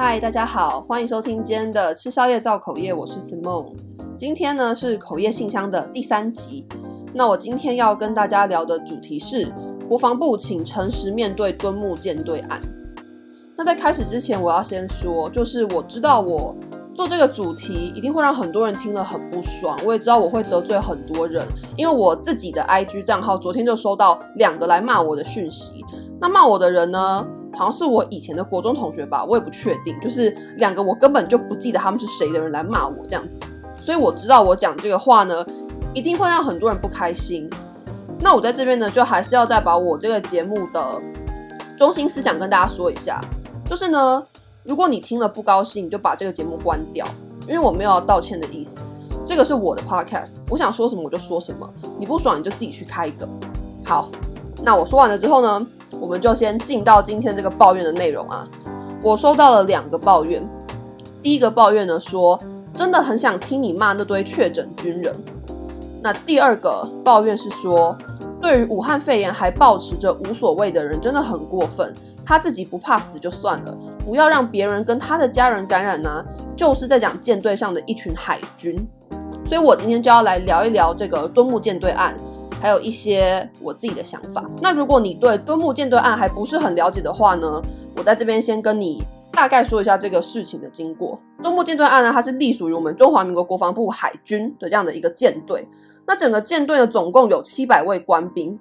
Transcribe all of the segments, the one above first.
嗨，Hi, 大家好，歡迎收聽今天的吃宵夜造口業，我是 Simone。今天呢是口業信箱的第三集。那我今天要跟大家聊的主題是國防部請誠實面對敦睦艦隊案。那在開始之前，我要先說，就是我知道我做這個主題一定會讓很多人聽了很不爽，我也知道我會得罪很多人，因為我自己的 IG 賬號昨天就收到兩個來罵我的訊息。那罵我的人呢？好像是我以前的國中同學吧，我也不確定。就是兩個我根本就不記得他們是誰的人來罵我這樣子，所以我知道我講這個話呢，一定會讓很多人不開心。那我在這邊呢，就還是要再把我這個節目的中心思想跟大家說一下，就是呢，如果你聽了不高興，你就把這個節目關掉，因為我沒有要道歉的意思。這個是我的 podcast，我想說什麼我就說什麼，你不爽你就自己去開一個。好，那我說完了之後呢？我們就先進到今天這個抱怨的內容啊。我收到了兩個抱怨，第一個抱怨呢說，真的很想聽你罵那堆確診軍人。那第二個抱怨是說，對於武漢肺炎還抱持着無所謂的人真的很過分。他自己不怕死就算了，不要讓別人跟他的家人感染呢、啊，就是在講艦隊上的一群海軍。所以我今天就要來聊一聊這個敦睦艦隊案。還有一些我自己的想法。那如果你對敦睦艦隊案還不是很了解的話呢，我在這邊先跟你大概說一下這個事情的經過。敦睦艦隊案呢，它是隸屬於我們中華民國國防部海軍的這樣的一個艦隊。那整個艦隊呢，總共有七百位官兵，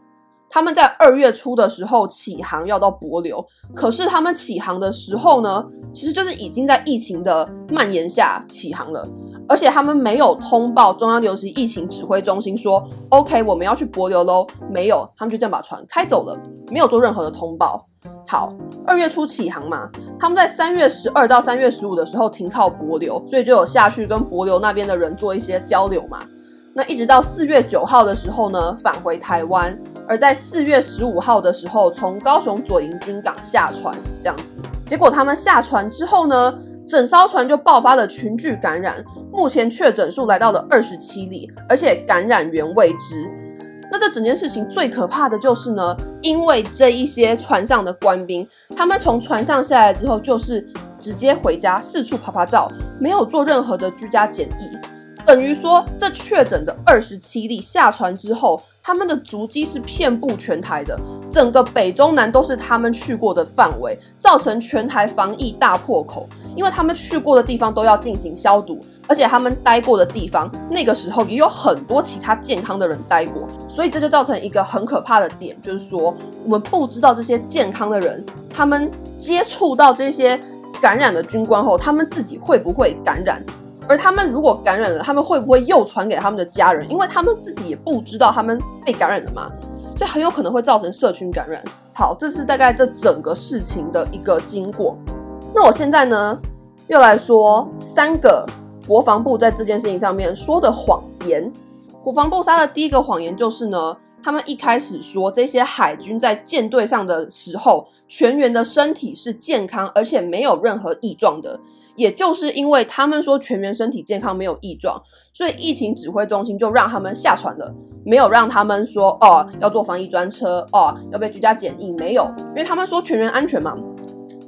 他們在二月初的時候啟航要到帛琉。可是他們啟航的時候呢，其實就是已經在疫情的蔓延下啟航了。而且他們沒有通報中央流行疫情指揮中心說，OK，我們要去帛琉嘍，沒有，他們就這樣把船開走了，沒有做任何的通報。好，二月初起航嘛，他們在三月十二到三月十五的時候停靠帛琉，所以就有下去跟帛琉那邊的人做一些交流嘛。那一直到四月九號的時候呢，返回台灣，而在四月十五號的時候從高雄左營軍港下船，這樣子，結果他們下船之後呢，整艘船就爆發了群聚感染。目前確診數來到了二十七例，而且感染源未知。那這整件事情最可怕的就是呢，因為這一些船上的官兵，他們從船上下來之後，就是直接回家四處趴趴走，沒有做任何的居家檢疫，等於說這確診的二十七例下船之後，他們的足跡是遍布全台的。整個北中南都是他們去過的範圍，造成全台防疫大破口。因為他們去過的地方都要進行消毒，而且他們待過的地方，那個時候也有很多其他健康的人待過，所以這就造成一個很可怕的點，就是說我們不知道這些健康的人，他們接觸到這些感染的軍官後，他們自己會不會感染？而他們如果感染了，他們會不會又傳給他們的家人？因為他們自己也不知道他們被感染了嗎？這很有可能會造成社群感染。好，這是大概這整個事情的一個經過。那我現在呢，又來說三個國防部在這件事情上面說的謊言。國防部撒的第一個謊言就是呢，他們一開始說這些海軍在艦隊上的時候，全員的身體是健康，而且沒有任何異狀的。也就是因為他們說全員身體健康、沒有異狀，所以疫情指揮中心就讓他們下船了，沒有讓他們說哦要坐防疫專車哦要被居家檢疫，沒有，因為他們說全員安全嘛，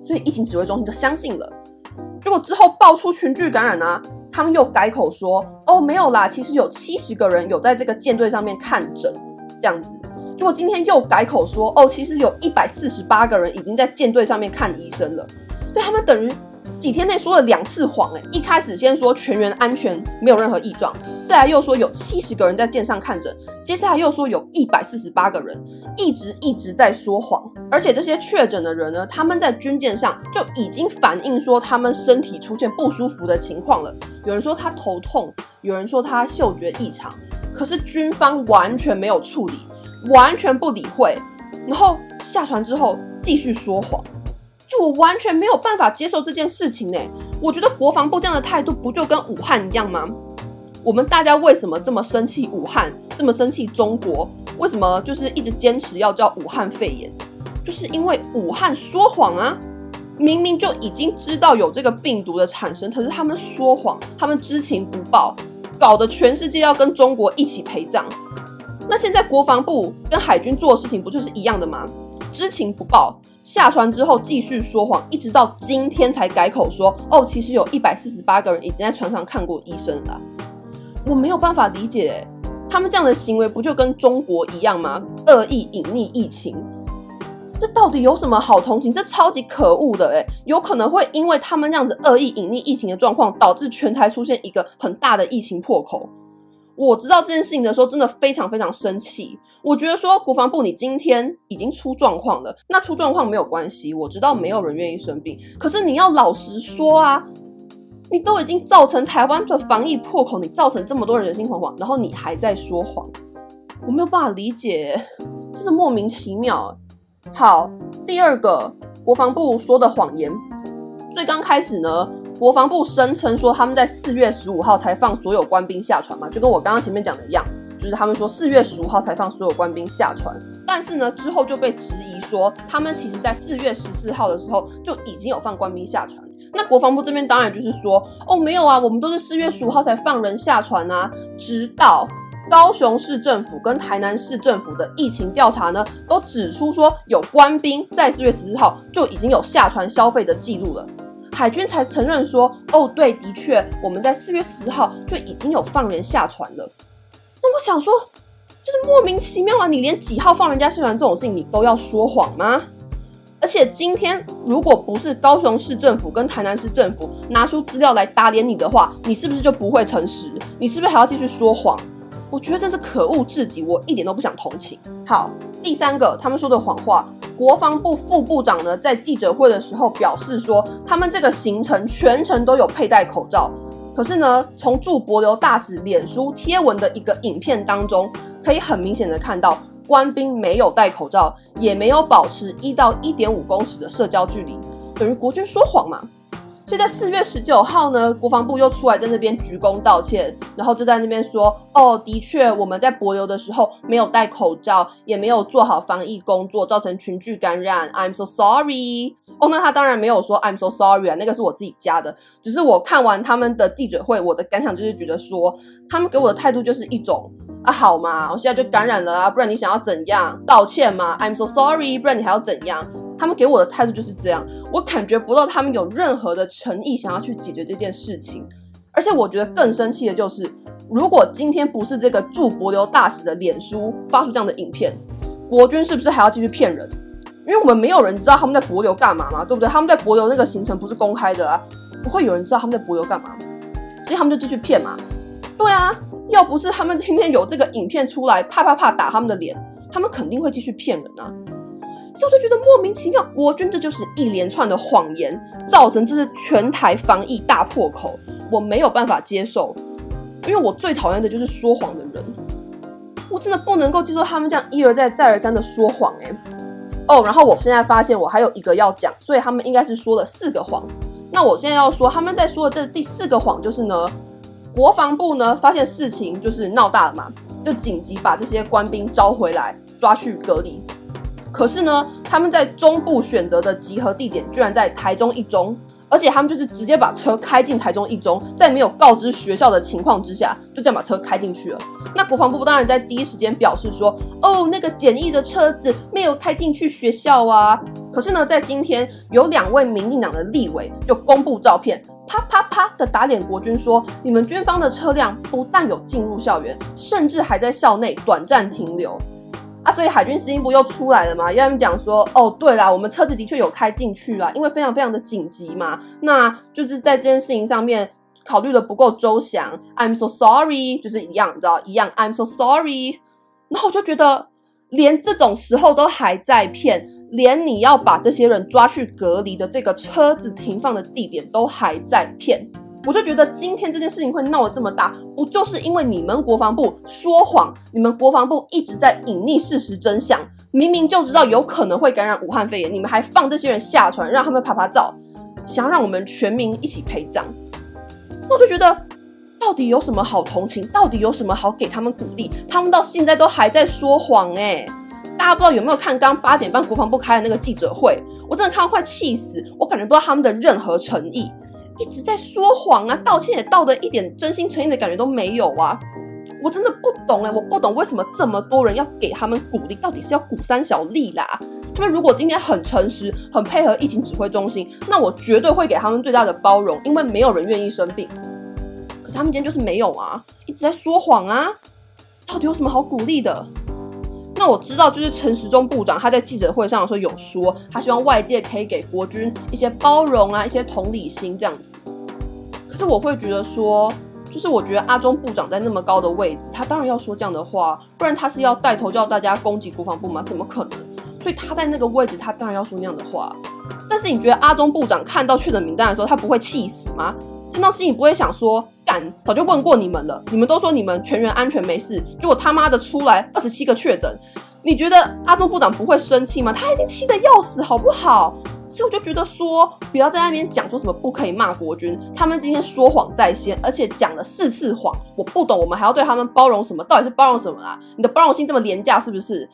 所以疫情指揮中心就相信了。結果之後爆出群聚感染啊，他們又改口說哦沒有啦，其實有七十個人有在這個艦隊上面看診，這樣子。結果今天又改口說哦，其實有一百四十八個人已經在艦隊上面看醫生了，所以他們等於。幾天內說了兩次謊，誒，一開始先說全員安全沒有任何異狀，再來又說有七十個人在艦上看診，接下來又說有一百四十八個人，一直一直在說謊。而且這些確診的人呢，他們在軍艦上就已經反映說他們身體出現不舒服的情況了，有人說他頭痛，有人說他嗅覺異常，可是軍方完全沒有處理，完全不理會，然後下船之後繼續說謊。就我完全沒有辦法接受這件事情欸，我覺得國防部這樣的態度不就跟武漢一樣嗎？我們大家為什麼這麼生氣武漢，這麼生氣中國，為什麼就是一直堅持要叫武漢肺炎？就是因為武漢說謊啊！明明就已經知道有這個病毒的產生，可是他們說謊，他們知情不報，搞得全世界要跟中國一起陪葬。那現在國防部跟海軍做的事情不就是一樣的嗎？知情不報。下船之後繼續說謊，一直到今天才改口說：“哦，其實有一百四十八個人已經在船上看過醫生了。”我沒有辦法理解欸，他們這樣的行為不就跟中國一樣嗎？惡意隱匿疫情，這到底有什麼好同情？這超級可惡的欸！哎，有可能會因為他們這樣子惡意隱匿疫情的狀況，導致全台出現一個很大的疫情破口。我知道這件事情的時候，真的非常非常生氣。我覺得說國防部，你今天已經出狀況了，那出狀況沒有關係。我知道沒有人願意生病，可是你要老實說啊，你都已經造成台灣的防疫破口，你造成這麼多人人心惶惶，然後你還在說謊，我沒有辦法理解，真是莫名其妙。好，第二個國防部說的謊言，最剛開始呢。國防部聲稱說他們在四月十五號才放所有官兵下船嘛，就跟我剛剛前面講的一樣，就是他們說四月十五號才放所有官兵下船，但是呢，之後就被質疑說他們其實在四月十四號的時候就已經有放官兵下船。那國防部這邊當然就是說，哦沒有啊，我們都是四月十五號才放人下船啊。直到高雄市政府跟台南市政府的疫情調查呢，都指出說有官兵在四月十四號就已經有下船消費的記錄了。海軍才承認說：“哦，對，的確，我們在四月十號就已經有放人下船了。”那我想說，就是莫名其妙啊！你連幾號放人家下船這種事情，你都要說謊嗎？而且今天如果不是高雄市政府跟台南市政府拿出資料來打臉你的話，你是不是就不會誠實？你是不是還要繼續說謊？我覺得真是可惡至極，我一點都不想同情。好，第三個，他們說的謊話。國防部副部長呢，在記者會的時候表示說，他們這個行程全程都有佩戴口罩。可是呢，從駐帛琉大使臉書貼文的一個影片當中，可以很明顯的看到，官兵沒有戴口罩，也沒有保持一到一點五公尺的社交距離，等於國軍說謊嘛？所以在四月十九號呢，國防部又出來在那邊鞠躬道歉，然後就在那邊說，哦，的確我們在帛琉的時候沒有戴口罩，也沒有做好防疫工作，造成群聚感染，I'm so sorry。哦，那他當然沒有說 I'm so sorry 啊，那個是我自己加的。只是我看完他們的記者會，我的感想就是覺得說，他們給我的態度就是一種啊，好嘛？我現在就感染了啊，不然你想要怎樣？道歉嘛？I'm so sorry，不然你還要怎樣？他們給我的態度就是這樣，我感覺不到他們有任何的誠意想要去解決這件事情。而且我覺得更生氣的就是，如果今天不是這個駐帛琉大使的臉書發出這樣的影片，國軍是不是還要繼續騙人？因為我們沒有人知道他們在帛琉幹嘛嘛，對不對？他們在帛琉那個行程不是公開的啊，不會有人知道他們在帛琉幹嘛，所以他們就繼續騙嘛。對啊，要不是他們今天有這個影片出來，啪啪啪打他們的臉，他們肯定會繼續騙人啊。我就覺得莫名其妙，國軍這就是一連串的謊言，造成這是全台防疫大破口，我沒有辦法接受，因為我最討厭的就是說謊的人，我真的不能夠接受他們這樣一而再再而三的說謊誒，誒哦，然後我現在發現我還有一個要講，所以他們應該是說了四個謊，那我現在要說他們在說的這第四個謊就是呢，國防部呢發現事情就是鬧大了嘛，就緊急把這些官兵召回來抓去隔離。可是呢，他們在中部選擇的集合地點居然在台中一中，而且他們就是直接把車開進台中一中，在沒有告知學校的情況之下，就這樣把車開進去了。那國防部當然在第一時間表示說，哦，那個簡易的車子沒有開進去學校啊。可是呢，在今天有兩位民進黨的立委就公布照片，啪啪啪的打臉國軍，說你們軍方的車輛不但有進入校園，甚至還在校內短暫停留。啊，所以海軍司令部又出來了嘛，要他們講說，哦，對啦，我們車子的確有開進去啦，因為非常非常的緊急嘛。那就是在這件事情上面考慮的不夠周詳，I'm so sorry，就是一樣，你知道，一樣，I'm so sorry。然後我就覺得，連這種時候都還在騙，連你要把這些人抓去隔離的這個車子停放的地點都還在騙。我就覺得今天這件事情會鬧得這麼大，不就是因為你們國防部說謊，你們國防部一直在隱匿事實真相，明明就知道有可能會感染武漢肺炎，你們還放這些人下船，讓他們趴趴走，想要讓我們全民一起陪葬。那我就覺得，到底有什麼好同情，到底有什麼好給他們鼓勵？他們到現在都還在說謊誒、欸，大家不知道有沒有看剛八點半國防部開的那個記者會？我真的看到快氣死，我感覺不到他們的任何誠意。一直在說謊啊！道歉也道得一點真心誠意的感覺都沒有啊！我真的不懂哎，我不懂為什麼這麼多人要給他們鼓勵？到底是要鼓三小力啦？他們如果今天很誠實、很配合疫情指揮中心，那我絕對會給他們最大的包容，因為沒有人願意生病。可是他們今天就是沒有啊！一直在說謊啊！到底有什麼好鼓勵的？那我知道，就是陳時中部長他在記者會上的時候有說，他希望外界可以給國軍一些包容啊，一些同理心這樣子。可是我會覺得說，就是我覺得阿中部長在那麼高的位置，他當然要說這樣的話，不然他是要帶頭叫大家攻擊國防部嗎？怎麼可能？所以他在那個位置，他當然要說那樣的話。但是你覺得阿中部長看到確診名單的時候，他不會氣死嗎？但是你不會想說，敢早就問過你們了，你們都說你們全員安全沒事，結果他媽的出來二十七個確診，你覺得阿中部長不會生氣嗎？他一定氣得要死，好不好？所以我就覺得說，不要在那邊講說什麼不可以罵國軍，他們今天說謊在先，而且講了四次謊，我不懂我們還要對他們包容什麼？到底是包容什麼啦、啊？你的包容性這麼廉價是不是？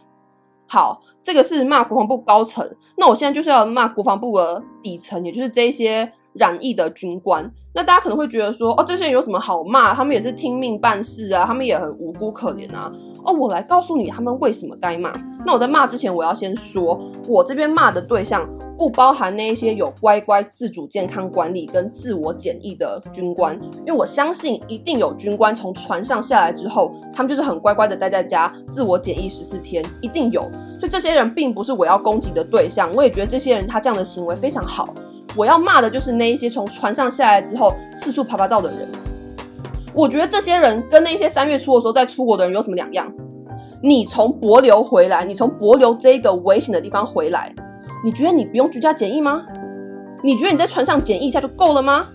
好，這個是罵國防部高層，那我現在就是要罵國防部的底層，也就是這一些。染疫的軍官，那大家可能會覺得說，哦，這些人有什麼好罵？他們也是聽命辦事啊，他們也很無辜可憐啊。哦，我來告訴你，他們為什麼該罵。那我在罵之前，我要先說，我這邊罵的對象不包含那一些有乖乖自主健康管理跟自我檢疫的軍官，因為我相信一定有軍官從船上下來之後，他們就是很乖乖的待在家，自我檢疫十四天，一定有。所以這些人並不是我要攻擊的對象，我也覺得這些人他這樣的行為非常好。我要罵的就是那一些從船上下來之後四處趴趴走的人。我覺得這些人跟那些三月初的時候在出國的人有什麼兩樣？你從帛琉回來，你從帛琉這個危險的地方回來，你覺得你不用居家檢疫嗎？你覺得你在船上檢疫一下就夠了嗎？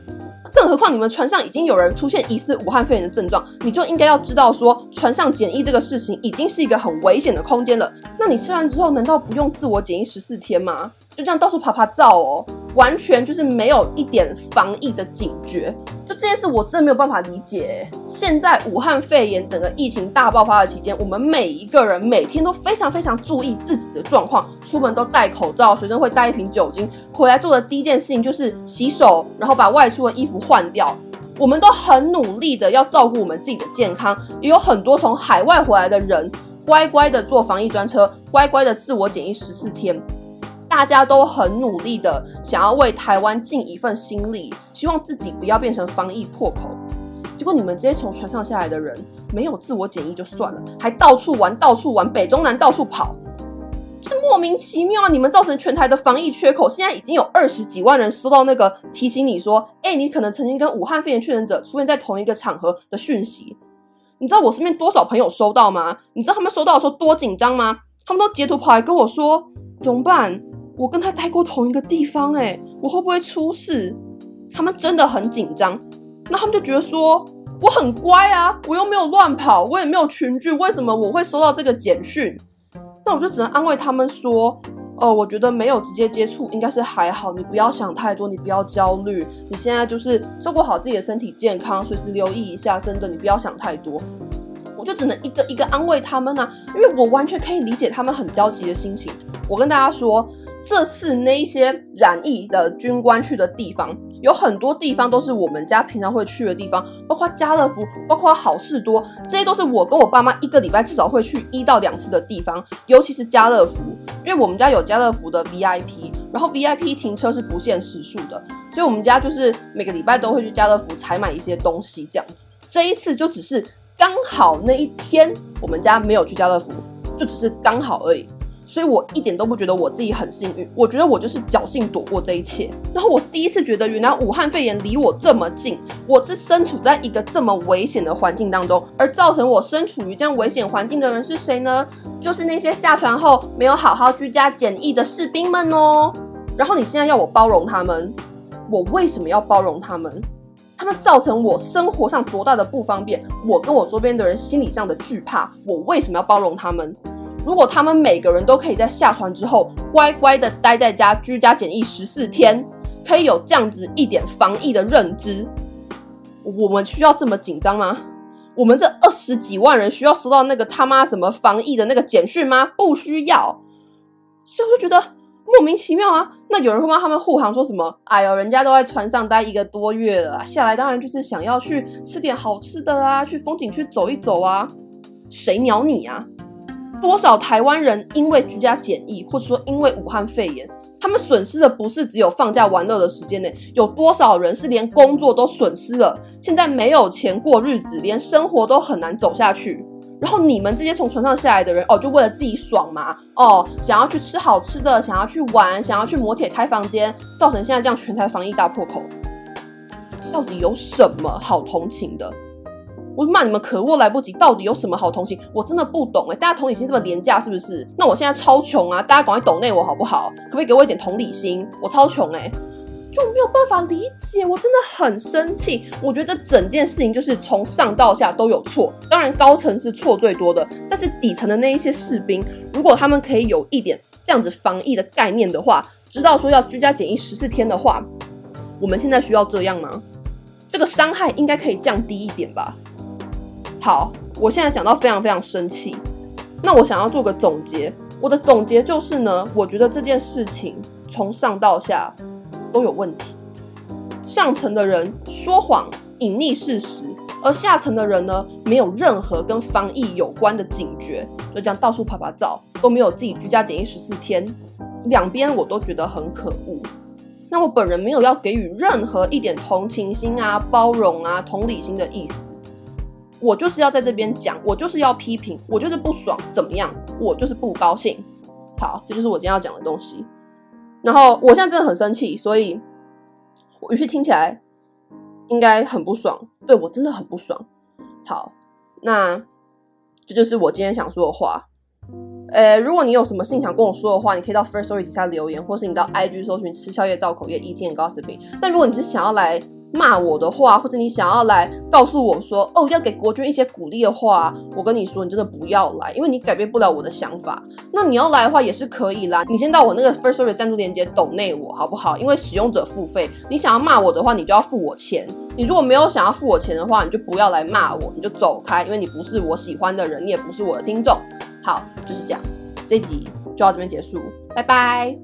更何況你們船上已經有人出現疑似武漢肺炎的症狀，你就應該要知道說，船上檢疫這個事情已經是一個很危險的空間了。那你吃完之後難道不用自我檢疫十四天嗎？就這樣到處趴趴走哦？完全就是沒有一點防疫的警覺，就這件事我真的沒有辦法理解欸。現在武漢肺炎整個疫情大爆發的期間，我們每一個人每天都非常非常注意自己的狀況，出門都戴口罩，隨身會帶一瓶酒精，回來做的第一件事情就是洗手，然後把外出的衣服換掉。我們都很努力的要照顧我們自己的健康，也有很多從海外回來的人乖乖的坐防疫專車，乖乖的自我檢疫十四天。大家都很努力的想要為台灣盡一份心力，希望自己不要變成防疫破口。結果你們這些從船上下來的人沒有自我檢疫就算了，還到處玩，到處玩，北中南到處跑，是莫名其妙啊！你們造成全台的防疫缺口，現在已經有二十幾萬人收到那個提醒，你說，哎，你可能曾經跟武漢肺炎確診者出現在同一個場合的訊息。你知道我身邊多少朋友收到嗎？你知道他們收到的時候多緊張嗎？他們都截圖跑來跟我說怎麼辦？我跟他待過同一個地方，欸，誒，我會不會出事？他們真的很緊張，那他們就覺得說我很乖啊，我又沒有亂跑，我也沒有群聚，為什麼我會收到這個簡訊？那我就只能安慰他們說，哦、呃，我覺得沒有直接接觸應該是還好，你不要想太多，你不要焦慮，你現在就是照顧好自己的身體健康，隨時留意一下，真的，你不要想太多。我就只能一個一個安慰他們啊，因為我完全可以理解他們很焦急的心情。我跟大家說，這次那一些染疫的軍官去的地方，有很多地方都是我們家平常會去的地方，包括家樂福，包括好市多，這些都是我跟我爸媽一個禮拜至少會去一到兩次的地方，尤其是家樂福，因為我們家有家樂福的 VIP，然後 VIP 停車是不限時數的，所以我們家就是每個禮拜都會去家樂福採買一些東西這樣子。這一次就只是剛好那一天我們家沒有去家樂福，就只是剛好而已。所以我一點都不覺得我自己很幸運，我覺得我就是僥倖躲過這一切。然後我第一次覺得原來武漢肺炎離我這麼近，我是身處在一個這麼危險的環境當中，而造成我身處於這樣危險環境的人是誰呢？就是那些下船後沒有好好居家檢疫的士兵們哦。然後你現在要我包容他們，我為什麼要包容他們？他們造成我生活上多大的不方便，我跟我周邊的人心理上的懼怕，我為什麼要包容他們？如果他們每個人都可以在下船之後乖乖的待在家居家檢疫十四天，可以有這樣子一點防疫的認知，我們需要這麼緊張嗎？我們這二十幾萬人需要收到那個他媽什麼防疫的那個簡訊嗎？不需要。所以我就覺得莫名其妙啊。那有人會幫他們護航說什麼？哎呦，人家都在船上待一個多月了啊，下來當然就是想要去吃點好吃的啊，去風景區走一走啊。誰鳥你啊？多少台灣人因為居家檢疫，或者說因為武漢肺炎，他們損失的不是只有放假玩樂的時間內、欸，有多少人是連工作都損失了？現在沒有錢過日子，連生活都很難走下去。然後你們這些從船上下來的人，哦，就為了自己爽嘛？哦，想要去吃好吃的，想要去玩，想要去摩鐵開房間，造成現在這樣全台防疫大破口，到底有什麼好同情的？我罵你們可惡，來不及！到底有什麼好同情？我真的不懂誒、欸。大家同理心這麼廉價是不是？那我現在超窮啊，大家趕快斗內我好不好？可不可以給我一點同理心？我超窮誒、欸，就沒有辦法理解。我真的很生氣，我覺得整件事情就是從上到下都有錯。當然，高層是錯最多的，但是底層的那一些士兵，如果他們可以有一點這樣子防疫的概念的話，知道說要居家檢疫十四天的話，我們現在需要這樣嗎？這個傷害應該可以降低一點吧。好，我現在講到非常非常生氣。那我想要做個總結，我的總結就是呢，我覺得這件事情從上到下都有問題。上層的人說謊、隱匿事實，而下層的人呢，沒有任何跟防疫有關的警覺，就這樣到處拍拍照，都沒有自己居家檢疫十四天。兩邊我都覺得很可惡。那我本人沒有要給予任何一點同情心啊、包容啊、同理心的意思。我就是要在這邊講，我就是要批評，我就是不爽，怎麼樣？我就是不高興。好，這就是我今天要講的東西。然後我現在真的很生氣，所以我語氣聽起來應該很不爽，對，我真的很不爽。好，那這就是我今天想說的話。呃，如果你有什麼事情想跟我說的話，你可以到 Firstory 底下留言，或是你到 IG 搜尋“吃宵夜、造口業、eating and gossiping”。但如果你是想要來罵我的話，或者你想要來告訴我說，哦，要給國軍一些鼓勵的話，我跟你說，你真的不要來，因為你改變不了我的想法。那你要來的話也是可以啦，你先到我那個 Firstory 贊助鏈接抖內我，好不好？因為使用者付費，你想要罵我的話，你就要付我錢。你如果沒有想要付我錢的話，你就不要來罵我，你就走開，因為你不是我喜歡的人，你也不是我的聽眾。好，就是這樣，這集就到這邊結束，拜拜。